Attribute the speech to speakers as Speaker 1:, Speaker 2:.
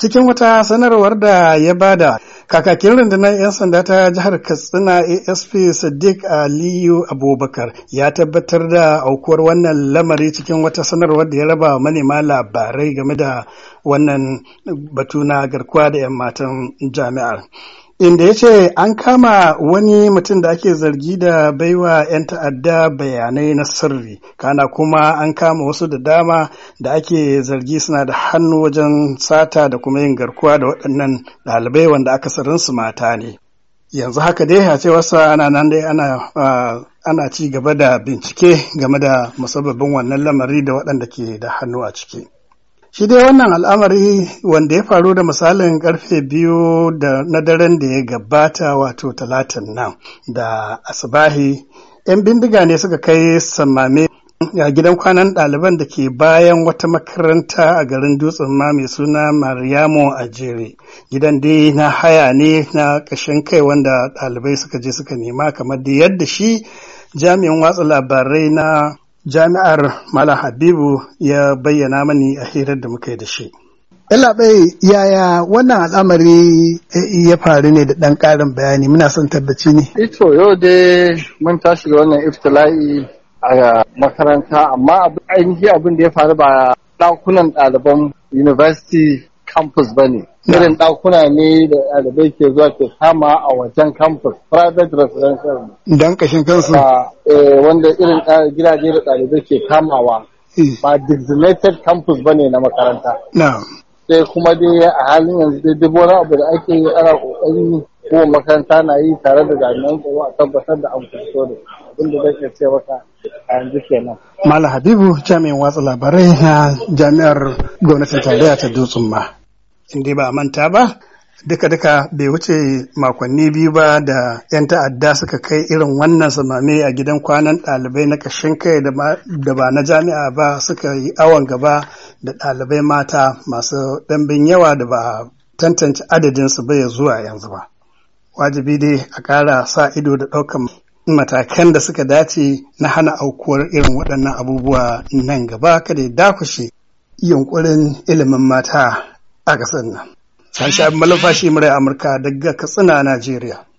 Speaker 1: cikin wata sanarwar da ya bada kakakin rundunar 'yan sanda ta jihar katsina asp sadiq aliyu abubakar ya tabbatar da aukuwar wannan lamari cikin wata sanarwar da ya raba manema labarai game da wannan batu na garkuwa da 'yan matan jami'ar inda ya ce an kama wani mutum da ake zargi da baiwa 'yan ta'adda bayanai na sirri kana kuma an kama wasu da dama da ake zargi suna da hannu wajen sata da kuma yin garkuwa da waɗannan ɗalibai wanda aka su mata ne yanzu haka dai a cewarsa ana nan dai ana ana ci gaba da bincike game da musabbabin wannan lamari da waɗanda ke da hannu a ciki Shi dai wannan al'amari wanda ya faru da misalin karfe biyu da na daren da ya gabata wato talatin nan da asibahi, 'yan bindiga ne suka kai samame a gidan kwanan ɗaliban da ke bayan wata makaranta a garin dutsen ma mai suna Mariamo a jere. Gidan dai na haya ne na ƙashin kai wanda ɗalibai suka je suka nema kamar da yadda shi jami'in watsa labarai na jami'ar Malam Habibu ya bayyana mani a hirar da muka yi da shi. bai yaya wannan al'amari eh, ya faru ne da ɗan ƙarin bayani muna son tabbaci ne.
Speaker 2: Ito eh, yau dai mun tashi da wannan iftila'i a makaranta amma ainihi abin da ya faru ba ɗakunan ɗaliban university campus ba ne. irin ɗakuna ne da ɗalibai ke zuwa ke kama a wajen campus private residential
Speaker 1: dan kashin kansu
Speaker 2: eh, wanda irin eh, gidaje da ɗalibai ke kamawa eh. ba designated campus ba ne na makaranta sai kuma dai a halin yanzu dai duk wani abu da ake yi ana kokari ko makaranta na yi tare da jami'an tsaro a tabbatar da an fito da abin da zai ce maka a yanzu kenan.
Speaker 1: malam Habibu jami'in watsa labarai na jami'ar gwamnatin tarayya ta Dutsun ma. in dai ba a manta ba duka-duka bai wuce makonni biyu ba da 'yan ta'adda suka kai irin wannan samame a gidan kwanan ɗalibai na ƙashin kai da ba na jami'a ba suka yi awon gaba da ɗalibai mata masu ɗanbin yawa da ba a tantance adadinsu ba ya zuwa yanzu ba wajibi dai a ƙara sa ido da ɗaukan matakan da suka dace na hana aukuwar irin waɗannan abubuwa nan gaba kada ya dakushe yunkurin ilimin mata
Speaker 2: a ƙasar nan. Sashen abin malafashi murai Amurka daga Katsina, Najeriya.